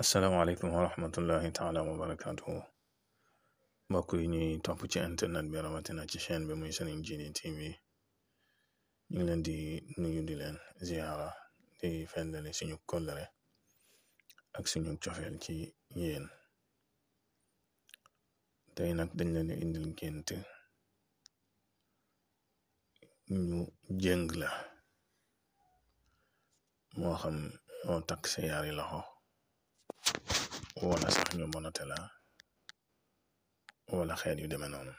asalaamaaleykum wa rahmatullahi taala wa barakaatuhu mbokk yi ñuy topp ci internet bi rawatina ci chaîne bi muy Serigne Djily TV ñu ngi leen di nuyu di leen ziara di fendale suñu kollëre ak suñu cofeel ci yéen tey nag dañ leen di indil gént ñu jëng la moo xam ñoo takk sa yaari loxo wala sax ñu monate la wala xeet yu deme noonu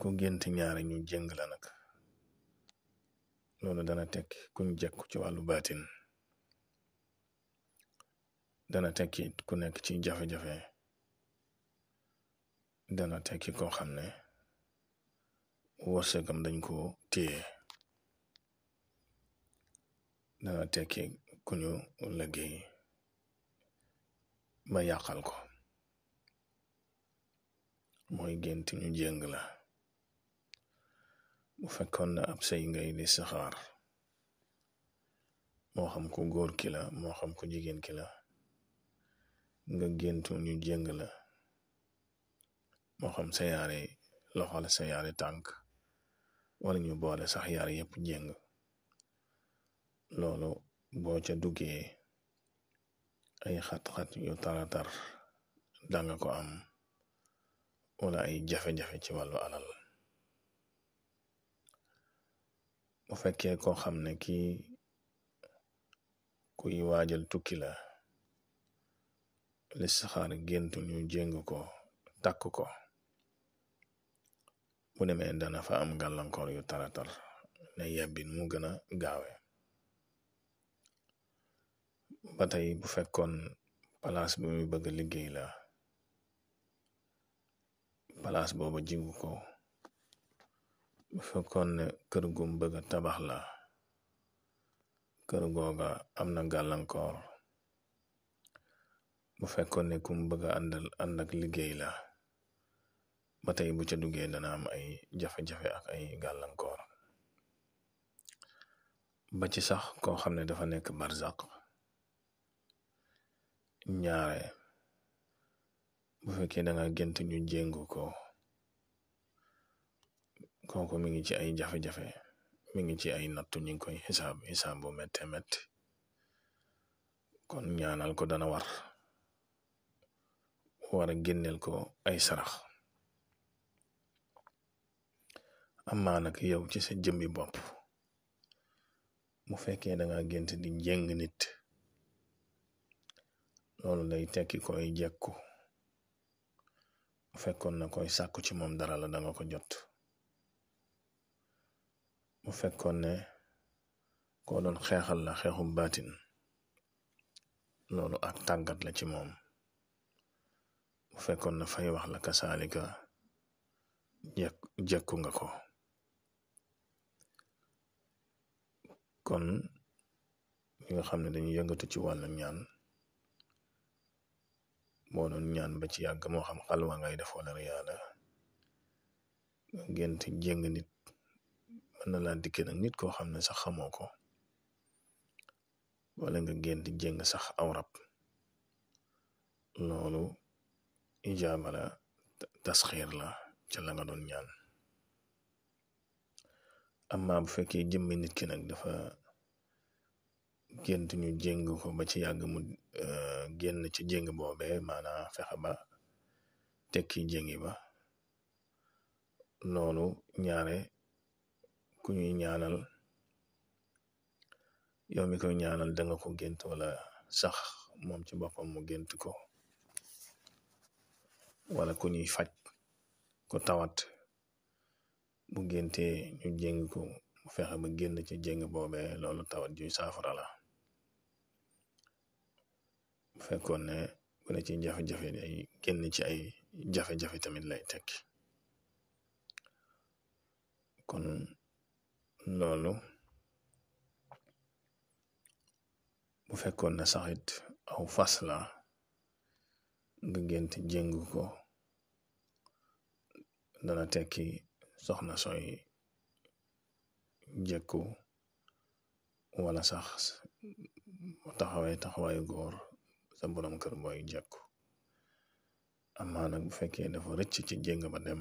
ku gént ñaari ñu jëng la nag loolu dana tekki kuñ jekku ci wàllu baatin dana tekki ku nekk ci jafe-jafe dana tekki koo xam ne wërsëgam dañ ko téye dana tekki ku ñu liggéey ba yàqal ko mooy gént ñu jéng la bu fekkoon na ab sey nga di saxaar moo xam ku góor ki moo xam ku jigéen kila nga géntu ñu jéng la moo xam sa yaari loxo sa yaari tànk wala ñu boole sax yaar yépp jéng loolu boo ca duggee ay xat-xat yu taratar danga ko am wala ay jafe-jafe ci wàllu alal bu fekkee koo xam ne kii kuy waajal tukki la listixaar géntu ñu jéng ko takk ko bu demee dana fa am gàllankoor yu taratar ne yebbi mu gën a gaawe ba tey bu fekkoon palaas bi muy bëgg liggéey la palaas booba jigu ko bu fekkoon ne kër gum bëgg tabax la kër googa am na gàllankoor bu fekkoon ne kum bëgg a àndal ànd ak liggéey la ba tey bu ca duggee dana am ay jafe-jafe ak ay gàllankoor ba ci sax koo xam ne dafa nekk barzaq ñaare bu fekkee danga nga gént ñu jéngu ko kooku mi ngi ci ay jafe-jafe mi ngi ci ay nattu ñu ngi koy xisaab xisaab bu métte kon ñaanal ko dana war wara a ko ay sarax amaa nag yow ci sa jëmmi bopp bu fekkee da nga gént di jéng nit loolu day tekki koy jekku bu fekkoon na koy sàkku ci moom dara la danga ko jot bu fekkoon ne koo doon xeexal la xeexu baatin loolu ak tàggat la ci moom bu fekkoon na fay wax la kasaalika jekk jekku nga ko kon ñi nga xam ne dañuy yëngatu ci wàllu ñaan boo doon ñaan ba ci yàgg moo xam xalwa ngay def wala riyaada gént jéng nit mën na laa dikkee nit koo xam ne sax xamoo ko wala nga gént jéng sax aw rab loolu ijaaba la tasxiir la ca la nga doon ñaan amma bu fekkee jëmmi nit ki nag dafa gént ñu jéng ko ba ci yàgg mu euh, génn ci jëng boobe maanaa fexe ba tekki jëngi ba loolu ñaare ku ñuy ñaanal yow mi koy ñaanal da ko gént wala sax moom ci boppam mu gént ko wala ku ñuy faj ku tawat bu géntee ñu jéng ko mu fexe ba génn ci jëng boobe loolu tawat ju saafara la bu fekkoon ne bu ne ci jafe-jafe ay génn ci ay jafe-jafe tamit lay tekk kon loolu bu fekkoon ne sax it aw fas la nga gént jéngu ko dala tekki soxna sooy jekku wala sax taxawee taxawaayu góor sa borom kër booy jekku amaa nag bu fekkee dafa rëcc ci jéng ba dem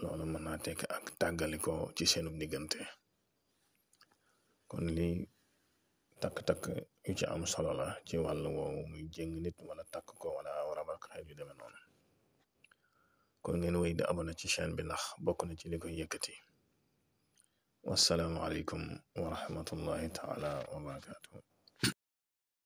loolu mën naa tekk ak tàggaliko ci seenu diggante kon li takk-takk yu ci am solo la ci wàll woowu muy nit wala takk ko wala rabal xeet yu demee noonu kon ngeen wéy di abonné ci chaîne bi ndax bokk na ci li koy yëkkati wassalaamu aleykum wa taala wa